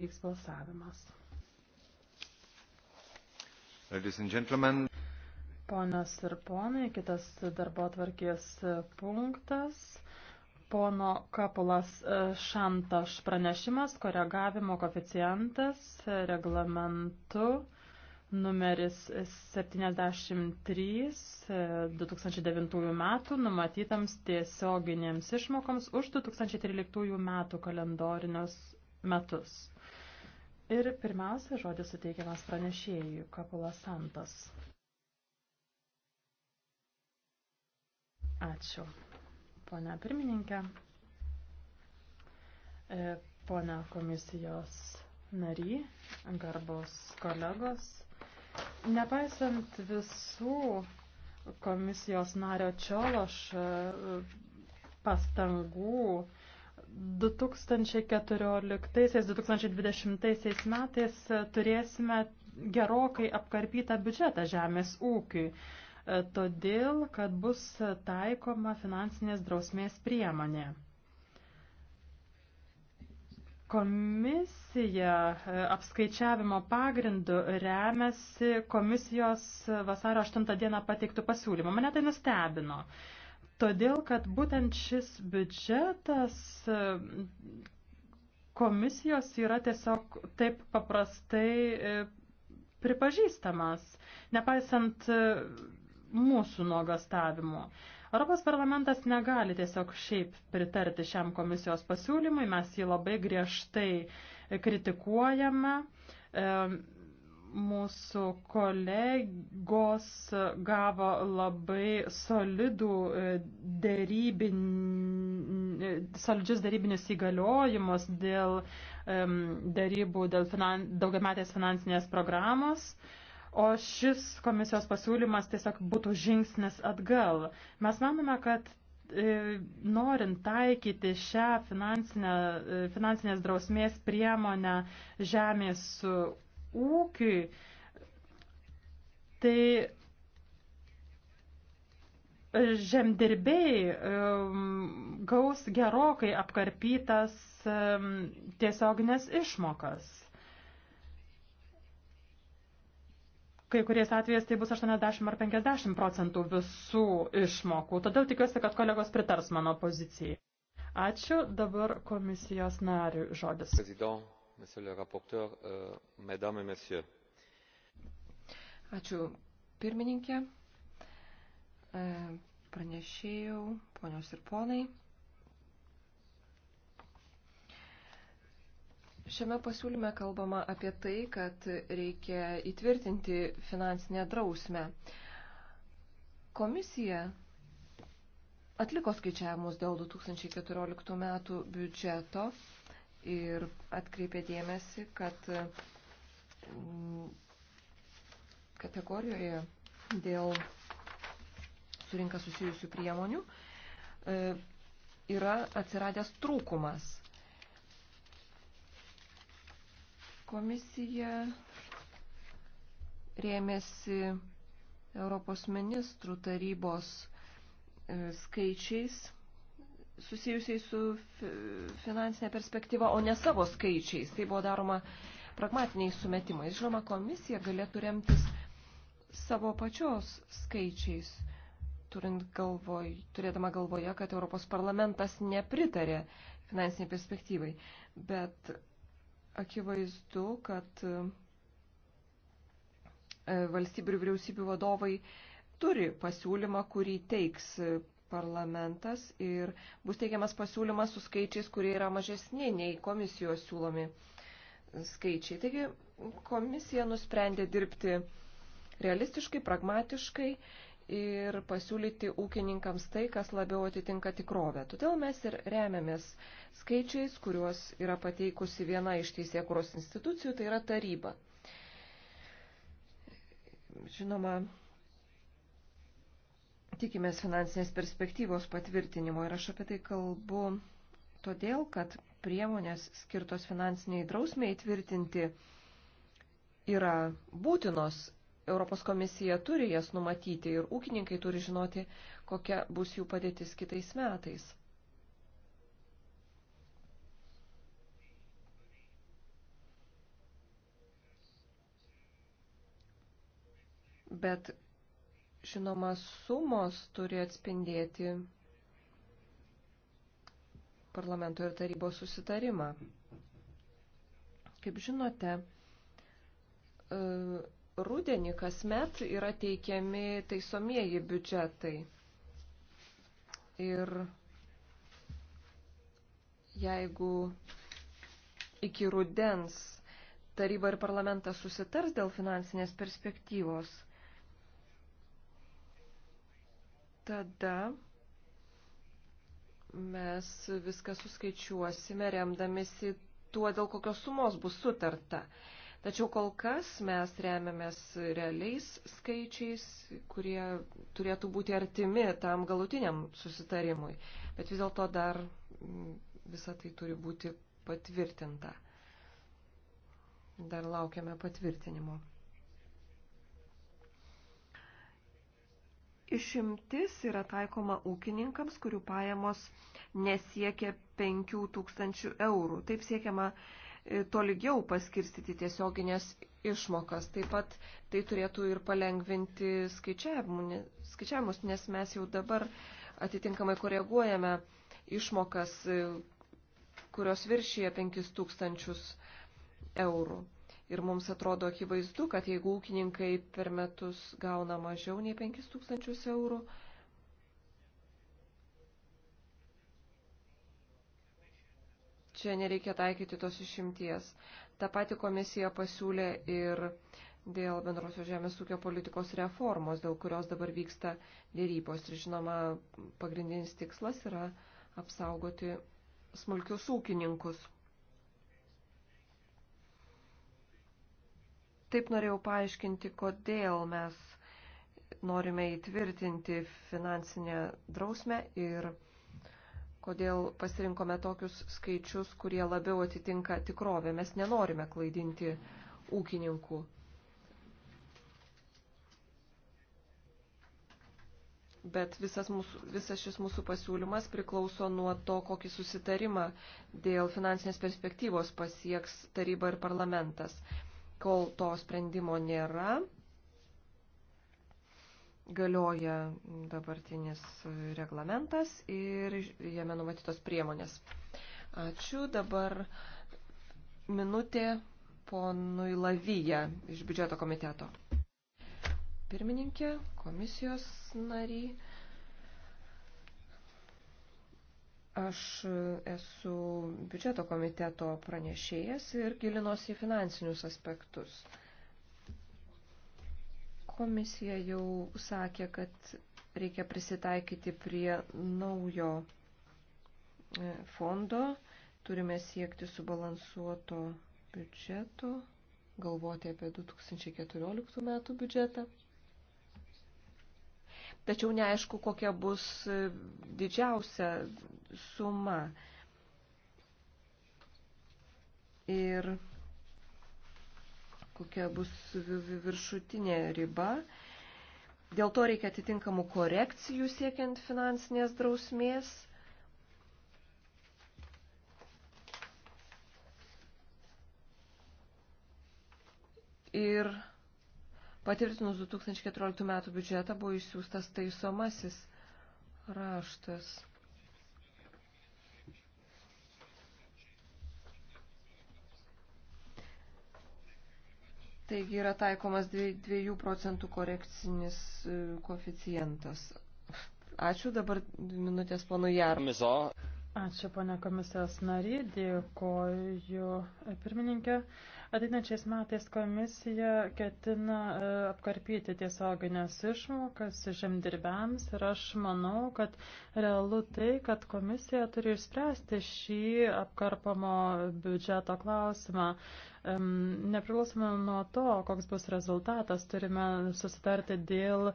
vyks balsavimas. Ponios ir ponai, kitas darbo atvarkės punktas. Pono Kapulas Šantaš pranešimas, koregavimo koficijantas reglamentu numeris 73 2009 metų numatytams tiesioginėms išmokoms už 2013 metų kalendorinius metus. Ir pirmiausia, žodis suteikiamas pranešėjui Kapula Santos. Ačiū, ponia pirmininkė, e, ponia komisijos nary, garbos kolegos. Nepaisant visų komisijos nario Čiološ e, pastangų, 2014-2020 metais turėsime gerokai apkarpytą biudžetą žemės ūkiui, e, todėl, kad bus taikoma finansinės drausmės priemonė. Komisija e, apskaičiavimo pagrindu remiasi komisijos vasario 8 dieną pateiktų pasiūlymą. Mane tai nustebino. Todėl, kad būtent šis biudžetas e, komisijos yra tiesiog taip paprastai e, pripažįstamas, nepaisant e, mūsų nuogastavimo. Europos parlamentas negali tiesiog šiaip pritarti šiam komisijos pasiūlymui, mes jį labai griežtai kritikuojame mūsų kolegos gavo labai solidų e, dėrybin, e, solidžius dėrybinius įgaliojimus dėl dėrybų dėl finan, daugiametės finansinės programos. O šis komisijos pasiūlymas tiesiog būtų žingsnis atgal. Mes manome, kad e, norint taikyti šią finansinę, finansinės drausmės priemonę žemės ūkiui, tai žemdirbiai um, gaus gerokai apkarpytas um, tiesioginės išmokas. Kai kuriais atvejais tai bus 80 ar 50 procentų visų išmokų. Todėl tikiuosi, kad kolegos pritars mano pozicijai. Ačiū. Dabar komisijos nariui žodis. President monsieur le rapporteur, euh, mesdames et messieurs. Ačiū pirmininkė, e, pranešėjau, ponios ir ponai. Šiame pasiūlyme kalbama apie tai, kad reikia įtvirtinti finansinę drausmę. Komisija atliko skaičiavimus dėl 2014 metų biudžeto ir atkreipė dėmesį, kad mm, kategorijoje dėl surinka susijusių priemonių e, yra atsiradęs trūkumas. Komisija rėmėsi Europos ministrų tarybos e, skaičiais susijusiai su finansinė perspektyva, o ne savo skaičiais. Tai buvo daroma pragmatiniais sumetimais. Žinoma, komisija galėtų remtis savo pačios skaičiais, turint galvoj, turėdama galvoje, kad Europos parlamentas nepritarė finansiniai perspektyvai. Bet akivaizdu, kad e, valstybių ir vyriausybių vadovai turi pasiūlymą, kurį teiks e, parlamentas ir bus teikiamas pasiūlymas su skaičiais, kurie yra mažesni nei komisijos siūlomi skaičiai. Taigi komisija nusprendė dirbti realistiškai, pragmatiškai ir pasiūlyti ūkininkams tai, kas labiau atitinka tikrovę. Todėl mes ir remiamės skaičiais, kuriuos yra pateikusi viena iš teisėkuros institucijų, tai yra taryba. Žinoma, Tikimės finansinės perspektyvos patvirtinimo ir aš apie tai kalbu todėl, kad priemonės skirtos finansiniai drausmiai tvirtinti yra būtinos. Europos komisija turi jas numatyti ir ūkininkai turi žinoti, kokia bus jų padėtis kitais metais. Bet Žinoma, sumos turi atspindėti parlamento ir tarybos susitarimą. Kaip žinote, e, rūdienį kasmet yra teikiami taisomieji biudžetai. Ir jeigu iki rudens taryba ir parlamentas susitars dėl finansinės perspektyvos, tada mes viską suskaičiuosime remdamėsi tuo, dėl kokios sumos bus sutarta. Tačiau kol kas mes remiamės realiais skaičiais, kurie turėtų būti artimi tam galutiniam susitarimui. Bet vis dėlto dar mm, visą tai turi būti patvirtinta. Dar laukiame patvirtinimo. Išimtis yra taikoma ūkininkams, kurių pajamos nesiekia 5000 eurų. Taip siekiama e, tolygiau paskirstyti tiesioginės išmokas. Taip pat tai turėtų ir palengvinti skaičiavimus, nes mes jau dabar atitinkamai koreguojame išmokas, e, kurios viršyje 5000 eurų. Ir mums atrodo akivaizdu, kad jeigu ūkininkai per metus gauna mažiau nei 5000 eurų, čia nereikia taikyti tos išimties. Ta pati komisija pasiūlė ir dėl bendrosios žemės ūkio politikos reformos, dėl kurios dabar vyksta dėrybos. Ir žinoma, pagrindinis tikslas yra apsaugoti smulkius ūkininkus. Taip norėjau paaiškinti, kodėl mes norime įtvirtinti finansinę drausmę ir kodėl pasirinkome tokius skaičius, kurie labiau atitinka tikrovę. Mes nenorime klaidinti ūkininkų. Bet visas, mūsų, visas šis mūsų pasiūlymas priklauso nuo to, kokį susitarimą dėl finansinės perspektyvos pasieks taryba ir parlamentas. Kol to sprendimo nėra, galioja dabartinis reglamentas ir jame numatytos priemonės. Ačiū. Dabar minutė ponui Lavyje iš biudžeto komiteto. Pirmininkė, komisijos nariai. Aš esu biudžeto komiteto pranešėjas ir gilinosi į finansinius aspektus. Komisija jau sakė, kad reikia prisitaikyti prie naujo e, fondo, turime siekti subalansuoto biudžeto, galvoti apie 2014 metų biudžetą tačiau neaišku, kokia bus e, didžiausia suma. Ir kokia bus viršutinė riba. Dėl to reikia atitinkamų korekcijų siekiant finansinės drausmės. Ir Patvirtinus 2014 metų biudžetą buvo išsiųstas taisomasis raštas. Taigi yra taikomas 2 procentų korekcinis e, koeficientas. Ačiū dabar minutės pono Jarmizo. Ačiū, pane komisijos nary, dėkoju pirmininkė. Ateinančiais metais komisija ketina e, apkarpyti tiesioginės išmokas žemdirbiams ir aš manau, kad realu tai, kad komisija turi išspręsti šį apkarpamo biudžeto klausimą. Nepriklausomai nuo to, koks bus rezultatas, turime susitarti dėl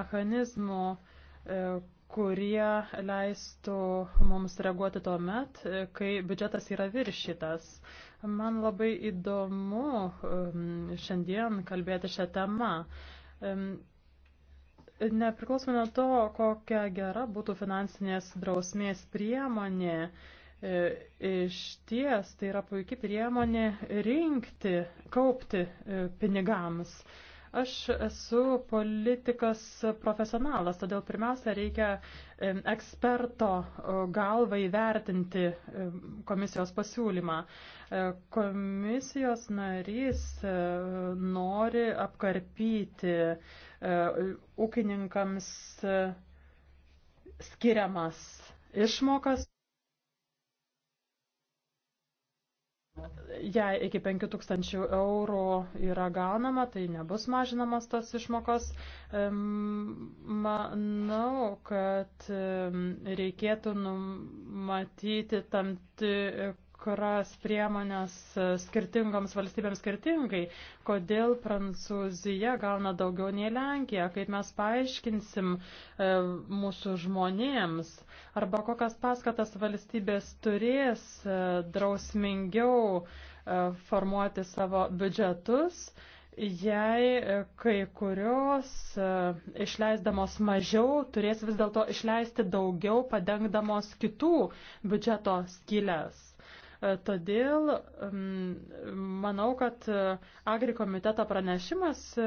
mechanizmų e, kurie leistų mums reaguoti tuo met, kai biudžetas yra viršytas. Man labai įdomu um, šiandien kalbėti šią temą. Um, nepriklausomai nuo to, kokia gera būtų finansinės drausmės priemonė, e, iš ties tai yra puikia priemonė rinkti, kaupti e, pinigams. Aš esu politikas profesionalas, todėl pirmiausia reikia eksperto galvai vertinti komisijos pasiūlymą. E, komisijos narys e, nori apkarpyti e, ūkininkams skiriamas išmokas jei iki 5000 eurų yra gaunama, tai nebus mažinamas tas išmokos. Manau, kad reikėtų numatyti tam tikrą tikras priemonės e, skirtingoms valstybėms skirtingai. Kodėl Prancūzija gauna daugiau nei Lenkija? Kaip mes paaiškinsim e, mūsų žmonėms? Arba kokias paskatas valstybės turės e, drausmingiau e, formuoti savo biudžetus? jei e, kai kurios e, išleisdamos mažiau turės vis dėlto išleisti daugiau padengdamos kitų biudžeto skylės. E, todėl manau, kad Agri komiteto pranešimas e,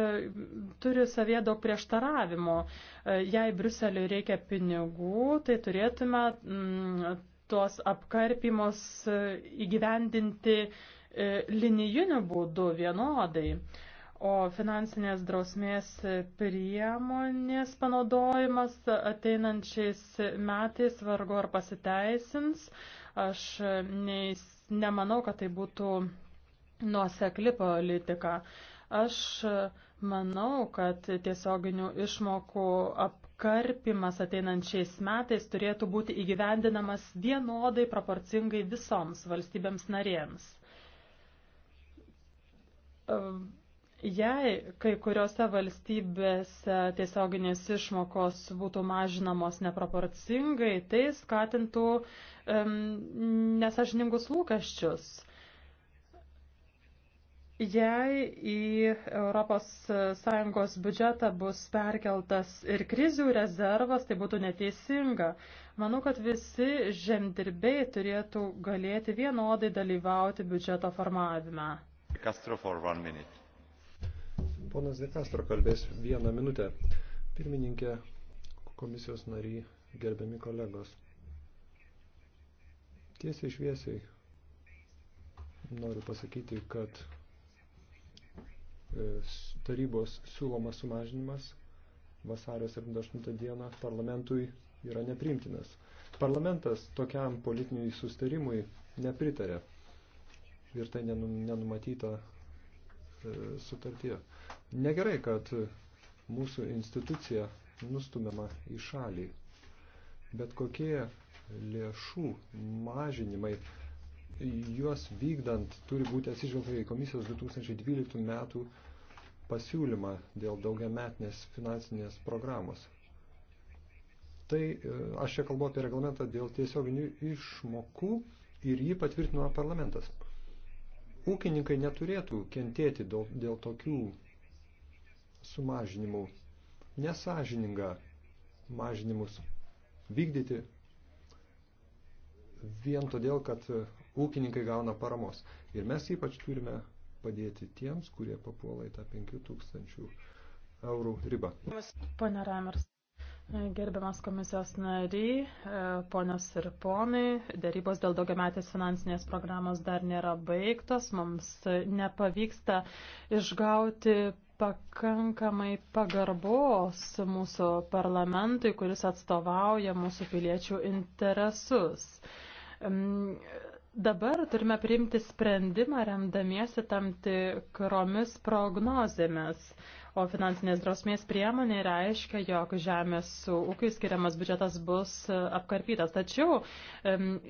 turi savie daug prieštaravimo. E, jei Bruseliui reikia pinigų, tai turėtume tuos apkarpimus įgyvendinti linijiniu būdu vienodai. O finansinės drausmės priemonės panaudojimas ateinančiais metais vargu ar pasiteisins. Aš neis, nemanau, kad tai būtų nuosekli politika. Aš manau, kad tiesioginių išmokų apkarpimas ateinančiais metais turėtų būti įgyvendinamas vienodai proporcingai visoms valstybėms narėms ehm, Jei kai kuriuose valstybėse tiesioginės išmokos būtų mažinamos neproporcingai, tai skatintų um, nesažiningus lūkesčius. Jei į ES biudžetą bus perkeltas ir krizių rezervas, tai būtų neteisinga. Manau, kad visi žemdirbiai turėtų galėti vienodai dalyvauti biudžeto formavime. Castro for one minute. Ponas Dekastro kalbės vieną minutę. Pirmininkė, komisijos nariai, gerbiami kolegos. Tiesiai šviesiai noriu pasakyti, kad e, tarybos siūlomas sumažinimas vasario 78 dieną parlamentui yra neprimtinas. Parlamentas tokiam politiniui sustarimui nepritarė ir tai nenumatyta e, sutartyje. Negerai, kad mūsų institucija nustumiama į šalį. Bet kokie lėšų mažinimai, juos vykdant turi būti atsižvelgta į komisijos 2012 metų pasiūlymą dėl daugiametinės finansinės programos. Tai e, aš čia kalbu apie reglamentą dėl tiesioginių išmokų ir jį patvirtino parlamentas. Ūkininkai neturėtų kentėti dėl tokių sumažinimų. Nesažininga mažinimus vykdyti vien todėl, kad ūkininkai gauna paramos. Ir mes ypač turime padėti tiems, kurie papuola į tą 5000 eurų ribą. Pane Ramers, gerbiamas komisijos nariai, ponios ir ponai, dėrybos dėl daugiametės finansinės programos dar nėra baigtos, mums nepavyksta išgauti pakankamai pagarbos mūsų parlamentui, kuris atstovauja mūsų piliečių interesus. Dabar turime priimti sprendimą remdamiesi tam tikromis prognozėmis. O finansinės drausmės priemonė reiškia, jog žemės ūkiai skiriamas biudžetas bus e, apkarpytas. Tačiau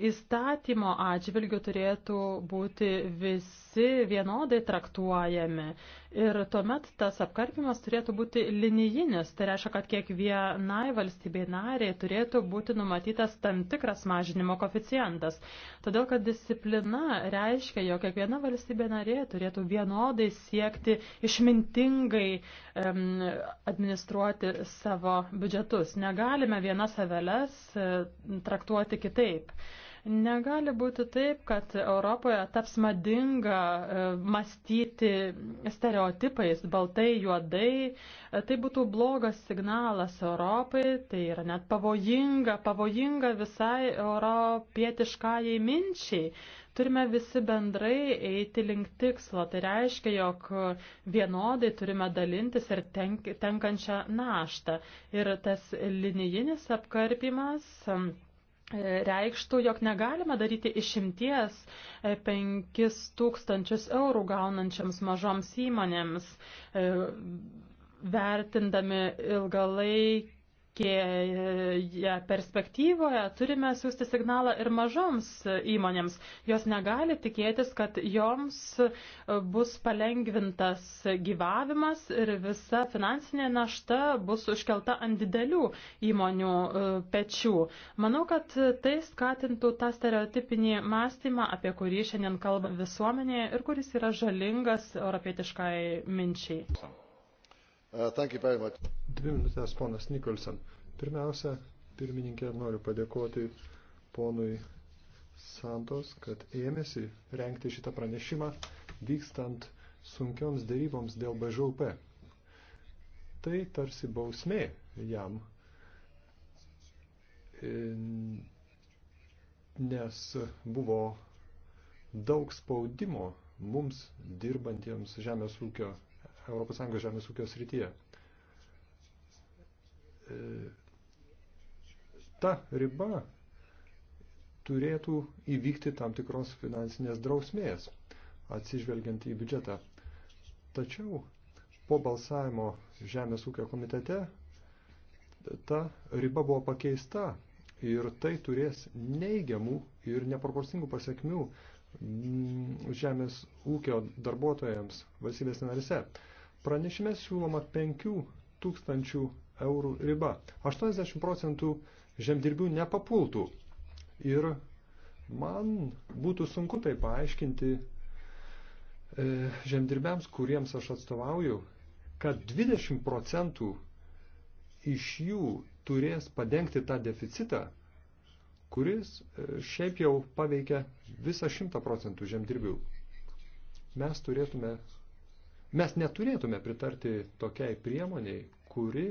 įstatymo atžvilgių turėtų būti visi vienodai traktuojami. Ir tuomet tas apkarpimas turėtų būti linijinis. Tai reiškia, kad kiekvienai valstybei nariai turėtų būti numatytas tam tikras mažinimo koficijantas. Todėl, kad disciplina reiškia, jog kiekviena valstybė narė turėtų vienodai siekti išmintingai administruoti savo biudžetus. Negalime vienas aveles e, traktuoti kitaip. Negali būti taip, kad Europoje taps madinga e, mąstyti stereotipais, baltai, juodai. E, tai būtų blogas signalas Europai, tai yra net pavojinga, pavojinga visai europietiškajai minčiai. Turime visi bendrai eiti link tikslo. Tai reiškia, jog vienodai turime dalintis ir tenk, tenkančią naštą. Ir tas linijinis apkarpimas um, reikštų, jog negalime daryti išimties 5000 e, eurų gaunančiams mažoms įmonėms, e, vertindami ilgalaikį ilgalaikėje perspektyvoje turime siūsti signalą ir mažoms įmonėms. Jos negali tikėtis, kad joms bus palengvintas gyvavimas ir visa finansinė našta bus užkelta ant didelių įmonių e, pečių. Manau, kad tai skatintų tą stereotipinį mąstymą, apie kurį šiandien kalba visuomenėje ir kuris yra žalingas europietiškai minčiai. Awesome. Uh, Dvi minutės ponas Nikolson. Pirmiausia, pirmininkė, noriu padėkoti ponui Santos, kad ėmėsi renkti šitą pranešimą vykstant sunkioms dėryboms dėl BŽUP. Tai tarsi bausmė jam, e, nes buvo daug spaudimo mums dirbantiems žemės ūkio ES žemės ūkio srityje. E, ta riba turėtų įvykti tam tikros finansinės drausmės, atsižvelgiant į biudžetą. Tačiau po balsavimo Žemės ūkio komitete ta riba buvo pakeista ir tai turės neigiamų ir neproporcingų pasiekmių mm, žemės ūkio darbuotojams valstybės narise. Pranešime siūloma 5 tūkstančių eurų riba. 80 procentų žemdirbių nepapultų. Ir man būtų sunku tai paaiškinti e, žemdirbiams, kuriems aš atstovauju, kad 20 procentų iš jų turės padengti tą deficitą, kuris e, šiaip jau paveikia visą 100 procentų žemdirbių. Mes turėtume Mes neturėtume pritarti tokiai priemoniai, kuri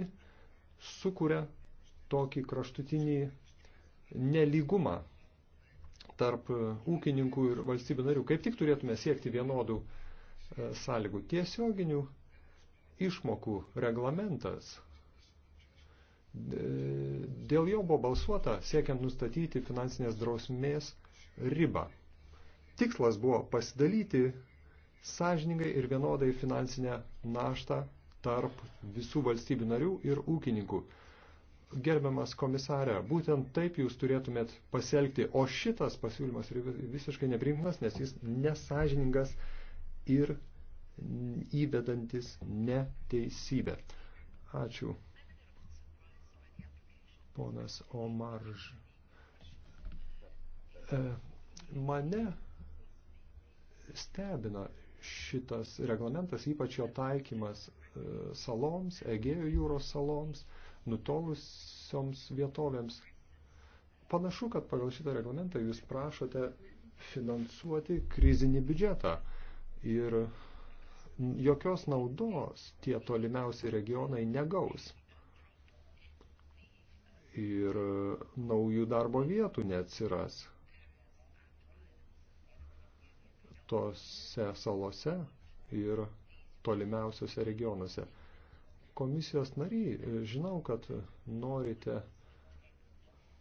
sukuria tokį kraštutinį neligumą tarp ūkininkų ir valstybių narių. Kaip tik turėtume siekti vienodų e, sąlygų tiesioginių išmokų reglamentas. Dėl jo buvo balsuota siekiant nustatyti finansinės drausmės ribą. Tikslas buvo pasidalyti sąžiningai ir vienodai finansinę naštą tarp visų valstybių narių ir ūkininkų. Gerbiamas komisarė, būtent taip jūs turėtumėt pasielgti, o šitas pasiūlymas yra visiškai neprimtinas, nes jis nesažiningas ir įvedantis neteisybę. Ačiū. Ponas Omarž. E, mane stebina šitas reglamentas, ypač jo taikymas e, saloms, Egėjo jūros saloms, nutolusioms vietovėms. Panašu, kad pagal šitą reglamentą jūs prašote finansuoti krizinį biudžetą ir jokios naudos tie tolimiausi regionai negaus. Ir naujų darbo vietų neatsiras. tose salose ir tolimiausiose regionuose. Komisijos nariai, žinau, kad norite,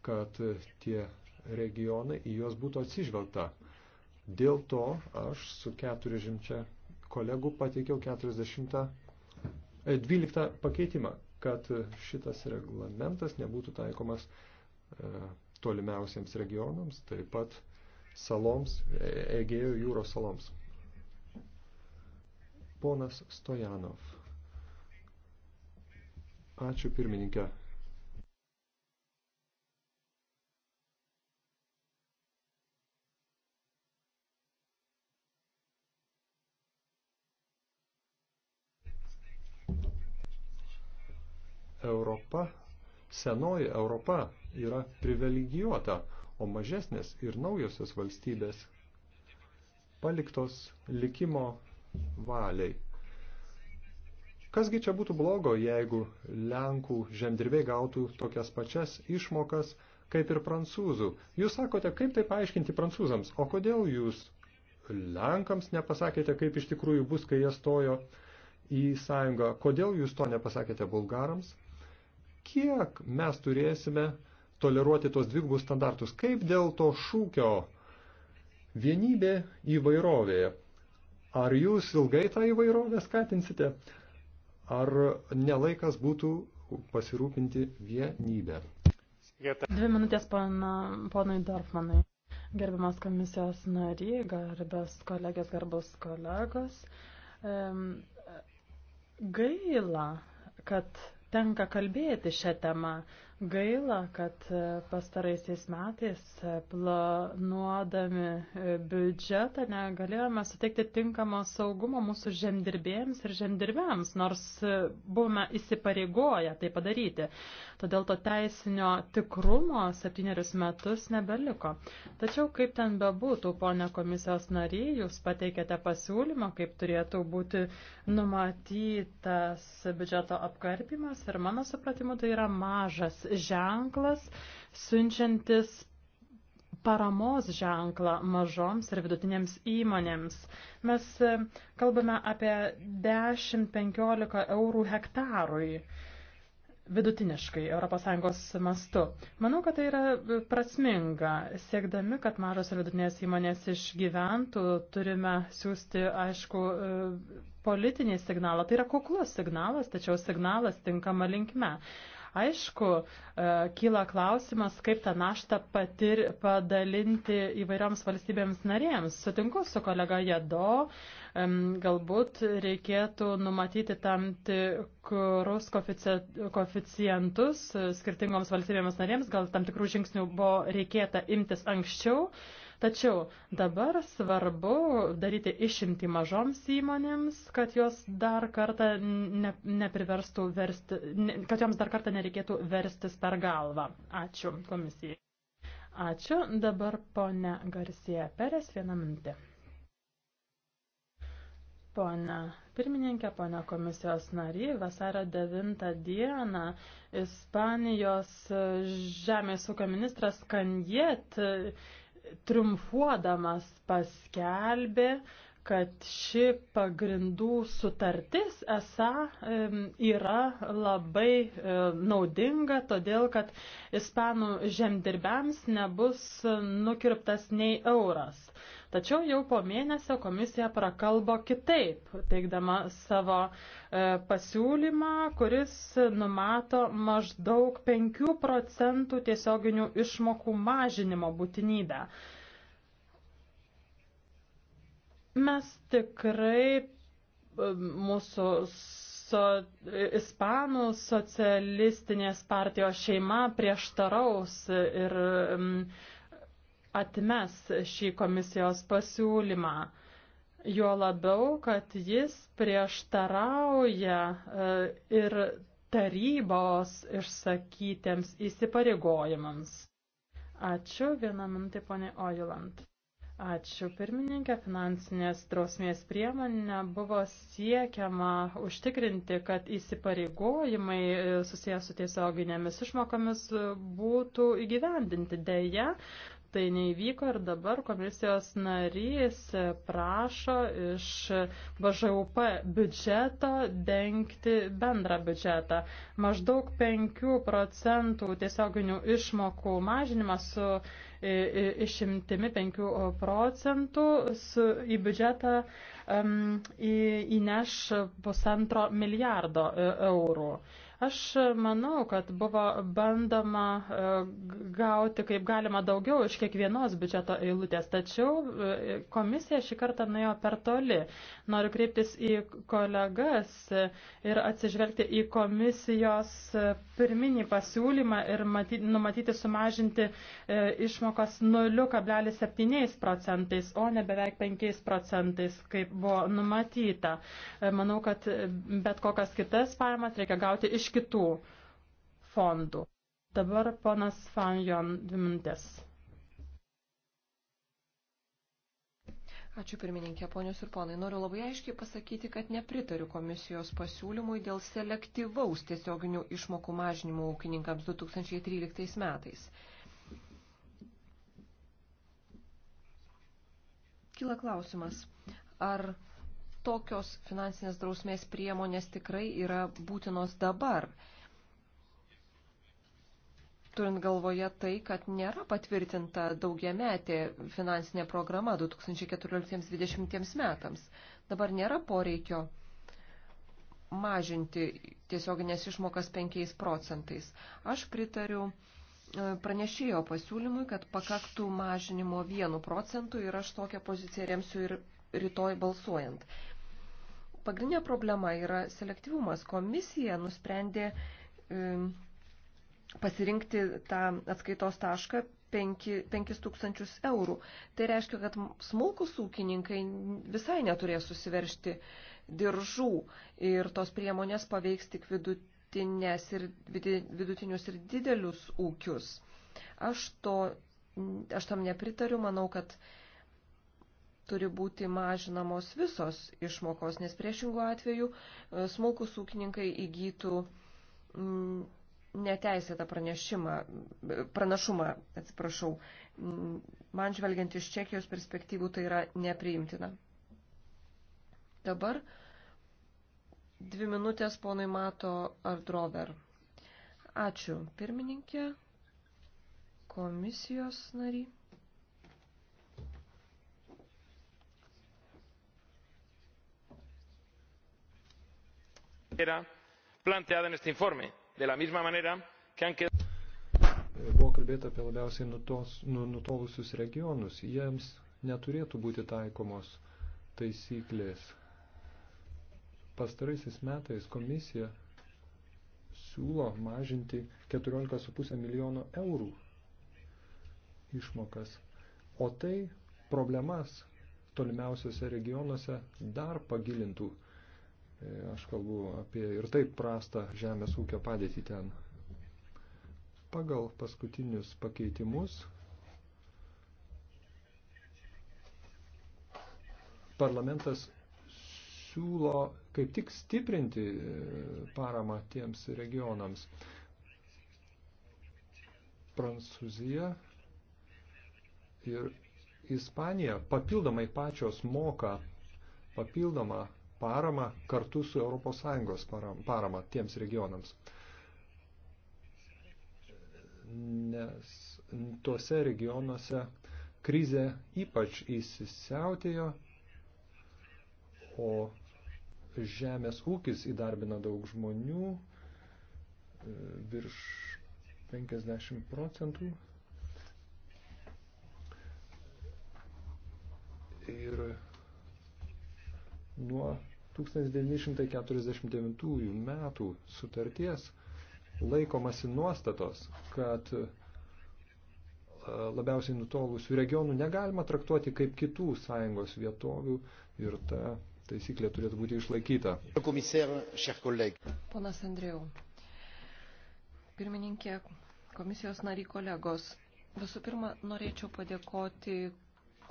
kad tie regionai į juos būtų atsižvelgta. Dėl to aš su 40 kolegų pateikiau 40, 12 e, pakeitimą, kad šitas reglamentas nebūtų taikomas e, tolimiausiems regionams, taip pat saloms, e, Egėjo jūros saloms. Ponas Stojanov. Ačiū pirmininkė. Europa, senoji Europa yra privilegijuota o mažesnės ir naujosios valstybės paliktos likimo valiai. Kasgi čia būtų blogo, jeigu Lenkų žemdirbiai gautų tokias pačias išmokas kaip ir prancūzų? Jūs sakote, kaip tai paaiškinti prancūzams, o kodėl jūs Lenkams nepasakėte, kaip iš tikrųjų bus, kai jie stojo į sąjungą? Kodėl jūs to nepasakėte bulgarams? Kiek mes turėsime uh, toleruoti tos dvigubus standartus. Kaip dėl to šūkio vienybė įvairovėje? Ar jūs ilgai tą įvairovę skatinsite? Ar nelaikas būtų pasirūpinti vienybę? Dvi minutės ponui Dorfmanui. Gerbiamas komisijos nariai, garbės kolegės, garbus kolegos. Gaila, kad tenka kalbėti šią temą. Gaila, kad e, pastaraisiais metais e, planuodami e, biudžetą negalėjome suteikti tinkamo saugumo mūsų žemdirbėjams ir žemdirbėms, nors buvome įsipareigoję tai padaryti todėl to teisinio tikrumo septynerius metus nebeliko. Tačiau kaip ten bebūtų, ponė komisijos nariai, jūs pateikėte pasiūlymą, kaip turėtų būti numatytas biudžeto apkarpimas ir mano supratimu tai yra mažas ženklas, siunčiantis paramos ženklą mažoms ir vidutinėms įmonėms. Mes kalbame apie 10-15 eurų hektarui vidutiniškai ES mastu. Manau, kad tai yra prasminga. Siekdami, kad mažos ir vidutinės įmonės išgyventų, turime siūsti, aišku, politinį signalą. Tai yra kuklus signalas, tačiau signalas tinkama linkme. Aišku, e, kyla klausimas, kaip tą naštą patir, padalinti įvairioms valstybėms narėms. Sutinku su kolega Jado, galbūt reikėtų numatyti tam tikrus koficijantus e, skirtingoms valstybėms narėms, gal tam tikrų žingsnių buvo reikėta imtis anksčiau. Tačiau dabar svarbu daryti išimti mažoms įmonėms, kad jos dar kartą ne, nepriverstų versti, ne, kad joms dar kartą nereikėtų verstis per galvą. Ačiū komisijai. Ačiū. Dabar ponia Garcija Peres vieną mintį. Pone pirmininkė, pone komisijos nary, vasario 9 dieną Ispanijos žemės ūkio ministras Kanjet triumfuodamas paskelbė, kad ši pagrindų sutartis esą yra labai naudinga, todėl kad ispanų žemdirbiams nebus nukirptas nei euras. Tačiau jau po mėnesio komisija prakalbo kitaip, teikdama savo e, pasiūlymą, kuris numato maždaug 5 procentų tiesioginių išmokų mažinimo būtinybę. Mes tikrai e, mūsų so, ispanų socialistinės partijos šeima prieštaraus ir mm, atmes šį komisijos pasiūlymą. Jo labiau, kad jis prieštarauja e, ir tarybos išsakytiems įsipareigojimams. Ačiū, vieną minutę, ponė Ojuland. Ačiū, pirmininkė, finansinės drausmės priemonė buvo siekiama užtikrinti, kad įsipareigojimai e, susijęs su tiesioginėmis išmokomis e, būtų įgyvendinti. Deja, tai neįvyko ir dabar komisijos narys prašo iš BŽUP biudžeto dengti bendrą biudžetą. Maždaug 5 procentų tiesioginių išmokų mažinimas su išimtimi 5 procentų su, į biudžetą įneš pusantro milijardo e, eurų. Aš manau, kad buvo bandoma e, gauti kaip galima daugiau iš kiekvienos biudžeto eilutės, tačiau e, komisija šį kartą nuėjo per toli. Noriu kreiptis į kolegas ir atsižvelgti į komisijos pirminį pasiūlymą ir matyti, numatyti sumažinti išmokas 0,7 procentais, o ne beveik 5 procentais, kaip buvo numatyta. E, manau, kad bet kokias kitas pajamas reikia gauti iš kitų fondų. Dabar ponas Fanjon dvi minutės. Ačiū pirmininkė, ponios ir ponai. Noriu labai aiškiai pasakyti, kad nepritariu komisijos pasiūlymui dėl selektyvaus tiesioginių išmokų mažinimo ūkininkams 2013 metais. Kila klausimas, ar tokios finansinės drausmės priemonės tikrai yra būtinos dabar, turint galvoje tai, kad nėra patvirtinta daugiametė finansinė programa 2014-2020 metams. Dabar nėra poreikio mažinti tiesioginės išmokas 5 procentais. Aš pritariu e, pranešėjo pasiūlymui, kad pakaktų mažinimo 1 procentų ir aš tokią poziciją remsiu ir rytoj balsuojant. Pagrindinė problema yra selektyvumas. Komisija nusprendė pasirinkti tą atskaitos tašką 5 tūkstančius eurų. Tai reiškia, kad smulkus ūkininkai visai neturės susiveršti diržų ir tos priemonės paveiks tik vidutinės ir, vidutinius ir didelius ūkius. Aš, to, aš tam nepritariu, manau, kad turi būti mažinamos visos išmokos, nes priešingų atveju e, smulkus ūkininkai įgytų mm, neteisėtą pranešimą, e, pranašumą, atsiprašau. Mm, man žvelgiant iš Čekijos perspektyvų tai yra nepriimtina. Dabar dvi minutės ponui mato Ardrover. Ačiū pirmininkė, komisijos nariai. planteada en este informe, de la misma manera que han quedado. Eh, buvo kalbėta apie labiausiai nutos, nu, nutolusius regionus. Jiems neturėtų būti taikomos taisyklės. Pastaraisiais metais komisija siūlo mažinti 14,5 milijono eurų išmokas. O tai problemas tolimiausiose regionuose dar pagilintų. E, aš kalbu apie ir taip prastą žemės ūkio padėtį ten. Pagal paskutinius pakeitimus parlamentas siūlo kaip tik stiprinti e, paramą tiems regionams. Prancūzija ir Ispanija papildomai pačios moka papildomą paramą kartu su ES parama tiems regionams. Nes tuose regionuose krizė ypač įsisiautėjo, o žemės ūkis įdarbina daug žmonių, virš 50 procentų. Ir nuo 1949 metų sutarties laikomasi nuostatos, kad e, labiausiai nutolusių regionų negalima traktuoti kaip kitų sąjungos vietovių ir ta taisyklė turėtų būti išlaikyta. Ponas Andrėjau, pirmininkė, komisijos nariai kolegos, visų pirma, norėčiau padėkoti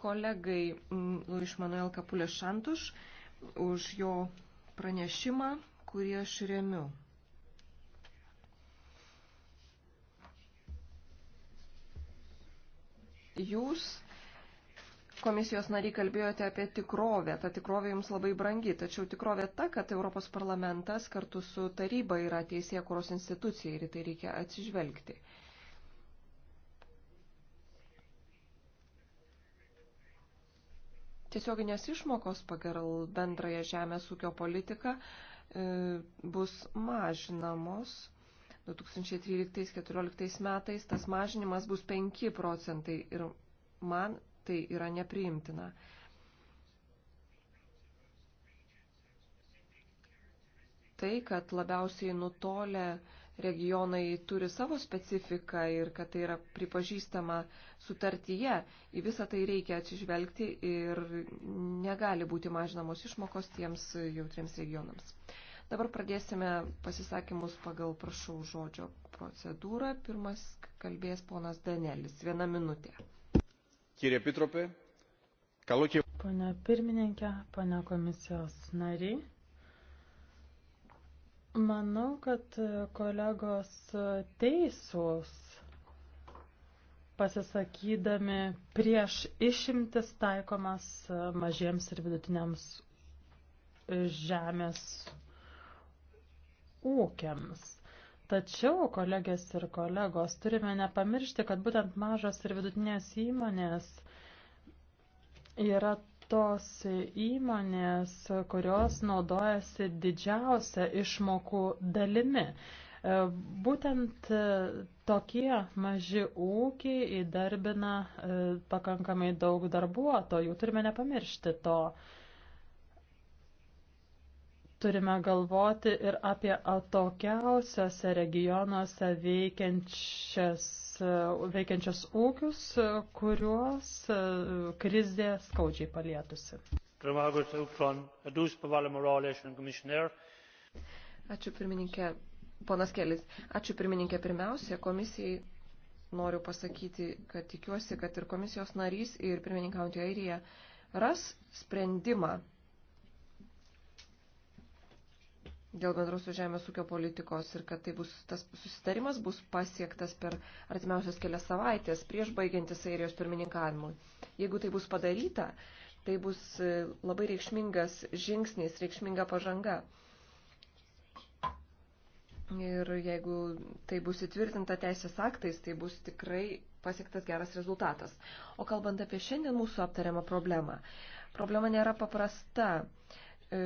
kolegai Luis Manuel Kapulė Šantuš, už jo pranešimą, kurį aš remiu. Jūs, komisijos nariai, kalbėjote apie tikrovę. Ta tikrovė jums labai brangi, tačiau tikrovė ta, kad Europos parlamentas kartu su taryba yra teisėkuros institucija ir į tai reikia atsižvelgti. Tiesioginės išmokos pagal bendrąją žemės ūkio politiką e, bus mažinamos 2013-2014 metais. Tas mažinimas bus 5 procentai ir man tai yra nepriimtina. Tai, kad labiausiai nutolę regionai turi savo specifiką ir kad tai yra pripažįstama sutartyje. Į visą tai reikia atsižvelgti ir negali būti mažinamos išmokos tiems jautriems regionams. Dabar pradėsime pasisakymus pagal prašau žodžio procedūrą. Pirmas kalbės ponas Danelis. Viena minutė. Kyrie Pitropė, Kalukė. Pane pirmininkė, pane komisijos nariai. Manau, kad kolegos teisūs pasisakydami prieš išimtis taikomas mažiems ir vidutiniams žemės ūkiams. Tačiau, kolegės ir kolegos, turime nepamiršti, kad būtent mažos ir vidutinės įmonės yra tos įmonės, kurios naudojasi didžiausią išmokų dalimi. E, būtent e, tokie maži ūkiai įdarbina e, pakankamai daug darbuotojų. Turime nepamiršti to. Turime galvoti ir apie atokiausiose regionuose veikiančias E, veikiančias ūkius, e, kuriuos e, krizė skaudžiai palietusi. Ačiū pirmininkė, ponas Kelis. Ačiū pirmininkė pirmiausia, komisijai noriu pasakyti, kad tikiuosi, kad ir komisijos narys ir pirmininkaujantį Airiją ras sprendimą dėl bendros žemės ūkio politikos ir kad tai bus, tas susitarimas bus pasiektas per artimiausias kelias savaitės prieš baigiantis airijos pirmininkavimui. Jeigu tai bus padaryta, tai bus e, labai reikšmingas žingsnis, reikšminga pažanga. Ir jeigu tai bus įtvirtinta teisės aktais, tai bus tikrai pasiektas geras rezultatas. O kalbant apie šiandien mūsų aptariamą problemą, problema nėra paprasta e,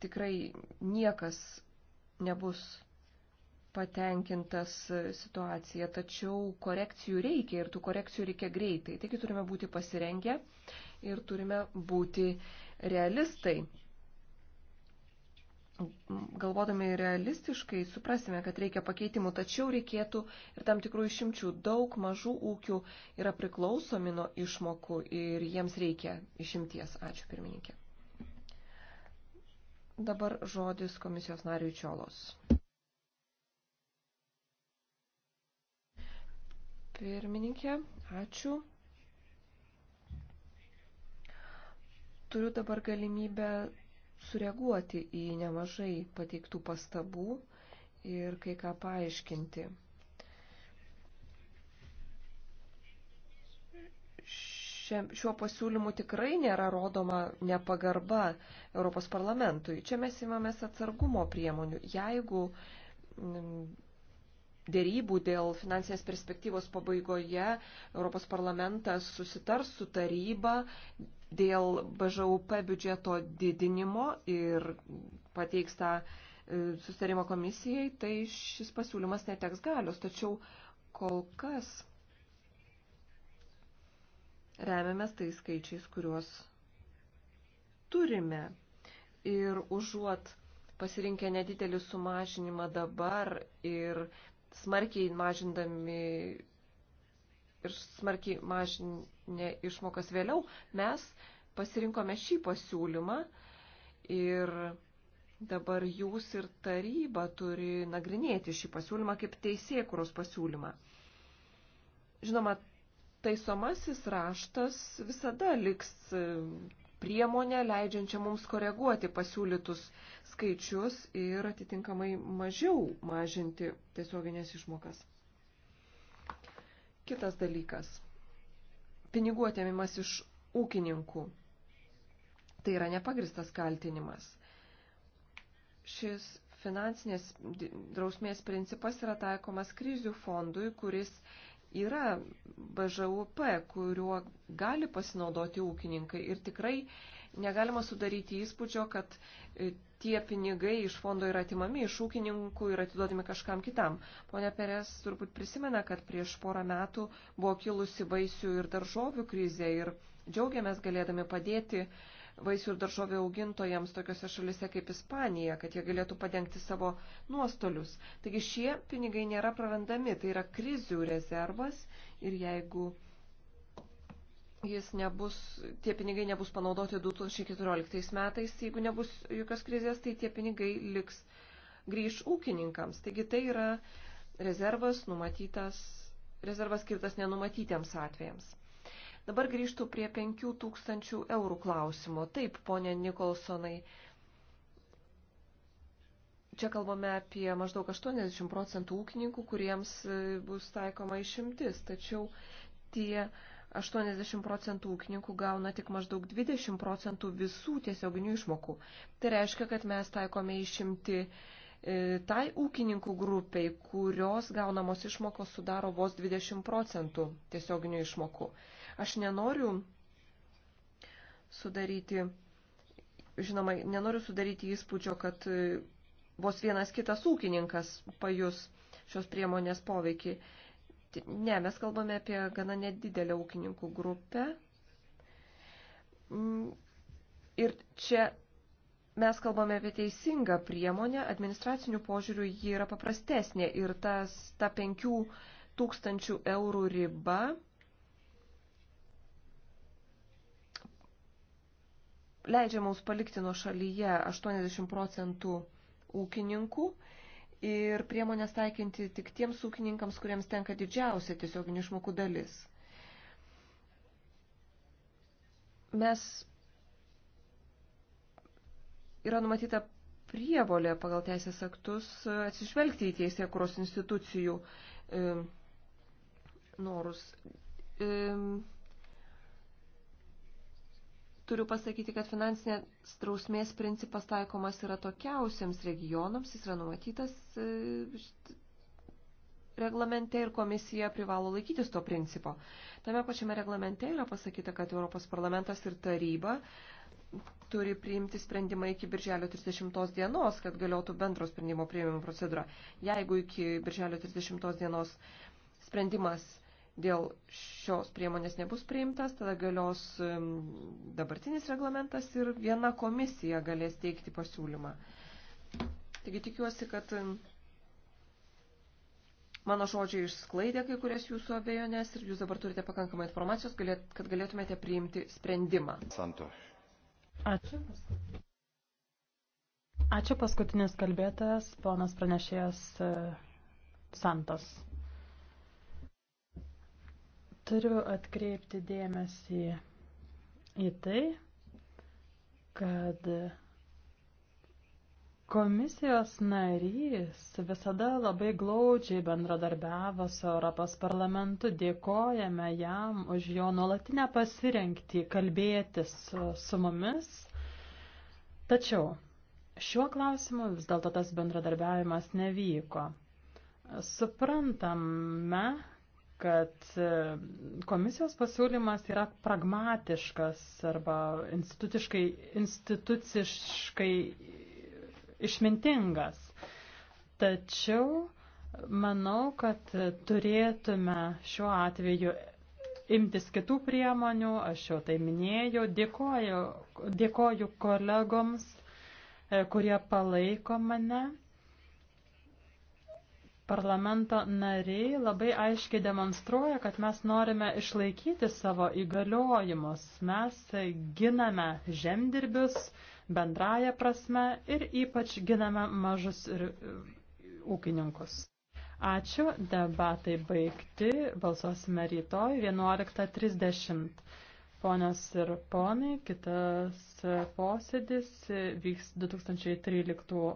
tikrai niekas nebus patenkintas situacija, tačiau korekcijų reikia ir tų korekcijų reikia greitai. Taigi turime būti pasirengę ir turime būti realistai. Galvodami realistiškai, suprasime, kad reikia pakeitimų, tačiau reikėtų ir tam tikrų išimčių. Daug mažų ūkių yra priklausomi nuo išmokų ir jiems reikia išimties. Ačiū pirmininkė. Dabar žodis komisijos nariui Čiolos. Pirmininkė, ačiū. Turiu dabar galimybę sureaguoti į nemažai pateiktų pastabų ir kai ką paaiškinti. šiuo pasiūlymu tikrai nėra rodoma nepagarba Europos parlamentui. Čia mes imamės atsargumo priemonių. Jeigu mm, dėrybų dėl finansinės perspektyvos pabaigoje Europos parlamentas susitars su taryba dėl BŽUP biudžeto didinimo ir pateiks tą e, susitarimą komisijai, tai šis pasiūlymas neteks galios. Tačiau kol kas remiamės tais skaičiais, kuriuos turime. Ir užuot pasirinkę nedidelį sumažinimą dabar ir smarkiai mažindami ir smarkiai mažinę išmokas vėliau, mes pasirinkome šį pasiūlymą ir dabar jūs ir taryba turi nagrinėti šį pasiūlymą kaip teisėkuros pasiūlymą. Žinoma, taisomasis raštas visada liks e, priemonė, leidžiančia mums koreguoti pasiūlytus skaičius ir atitinkamai mažiau mažinti tiesioginės išmokas. Kitas dalykas. Pinigų atėmimas iš ūkininkų. Tai yra nepagristas kaltinimas. Šis finansinės drausmės principas yra taikomas krizių fondui, kuris yra BŽUP, kuriuo gali pasinaudoti ūkininkai ir tikrai negalima sudaryti įspūdžio, kad e, tie pinigai iš fondo yra atimami iš ūkininkų ir atiduodami kažkam kitam. Pone Perės turbūt prisimena, kad prieš porą metų buvo kilusi vaisių ir daržovių krizė ir džiaugiamės galėdami padėti uh, vaisių ir daržovių augintojams tokiuose šalise kaip Ispanija, kad jie galėtų padengti savo nuostolius. Taigi šie pinigai nėra prarandami, tai yra krizių rezervas ir jeigu jis nebus, tie pinigai nebus panaudoti 2014 metais, jeigu nebus jokios krizės, tai tie pinigai liks grįž ūkininkams. Taigi tai yra rezervas numatytas, rezervas skirtas nenumatytiems atvejams. Dabar grįžtų prie 5000 eurų klausimo. Taip, ponė Nikolsonai, čia kalbame apie maždaug 80 procentų ūkininkų, kuriems e, bus taikoma išimtis, tačiau tie 80 procentų ūkininkų gauna tik maždaug 20 procentų visų tiesioginių išmokų. Tai reiškia, kad mes taikome išimti E, tai ūkininkų grupiai, kurios gaunamos išmokos sudaro vos 20 procentų tiesioginių išmokų. Aš nenoriu sudaryti, žinoma, nenoriu sudaryti įspūdžio, kad e, vos vienas kitas ūkininkas pajus šios priemonės poveikį. Ne, mes kalbame apie gana nedidelę ūkininkų grupę. Mm, ir čia mes kalbame apie teisingą priemonę, administracinių požiūrių ji yra paprastesnė ir tas, ta 5 tūkstančių eurų riba leidžia mums palikti nuo šalyje 80 procentų ūkininkų ir priemonės taikinti tik tiems ūkininkams, kuriems tenka didžiausia tiesioginių išmokų dalis. Mes yra numatyta prievolė pagal teisės aktus atsižvelgti į teisė kuros institucijų e, norus. E, turiu pasakyti, kad finansinės drausmės principas taikomas yra tokiausiams regionams, jis yra numatytas e, reglamente ir komisija privalo laikytis to principo. Tame pačiame reglamente yra pasakyta, kad Europos parlamentas ir taryba turi priimti sprendimą iki birželio 30 dienos, kad galiotų bendro sprendimo prieimimo procedūra. Jeigu iki birželio 30 dienos sprendimas dėl šios priemonės nebus priimtas, tada galios dabartinis reglamentas ir viena komisija galės teikti pasiūlymą. Taigi tikiuosi, kad mano žodžiai išsklaidė kai kurias jūsų abejonės ir jūs dabar turite pakankamai informacijos, kad galėtumėte priimti sprendimą. Santoš. Ačiū. Ačiū paskutinis kalbėtojas, ponas pranešėjas e, Santos. Turiu atkreipti dėmesį į tai, kad Komisijos narys visada labai glaudžiai bendradarbiavo su Europos parlamentu. Dėkojame jam už jo nuolatinę pasirenkti kalbėtis su, su mumis. Tačiau šiuo klausimu vis dėlto tas bendradarbiavimas nevyko. Suprantame, kad e, komisijos pasiūlymas yra pragmatiškas arba instituciškai, instituciškai išmintingas. Tačiau manau, kad turėtume šiuo atveju imtis kitų priemonių, aš jau tai minėjau, dėkoju, dėkoju kolegoms, e, kurie palaiko mane. Parlamento nariai labai aiškiai demonstruoja, kad mes norime išlaikyti savo įgaliojimus. Mes giname žemdirbius, bendraja prasme ir ypač giname mažus ir e, ūkininkus. Ačiū, debatai baigti, balsuosime rytoj 11.30. Ponios ir ponai, kitas posėdis vyks 2013.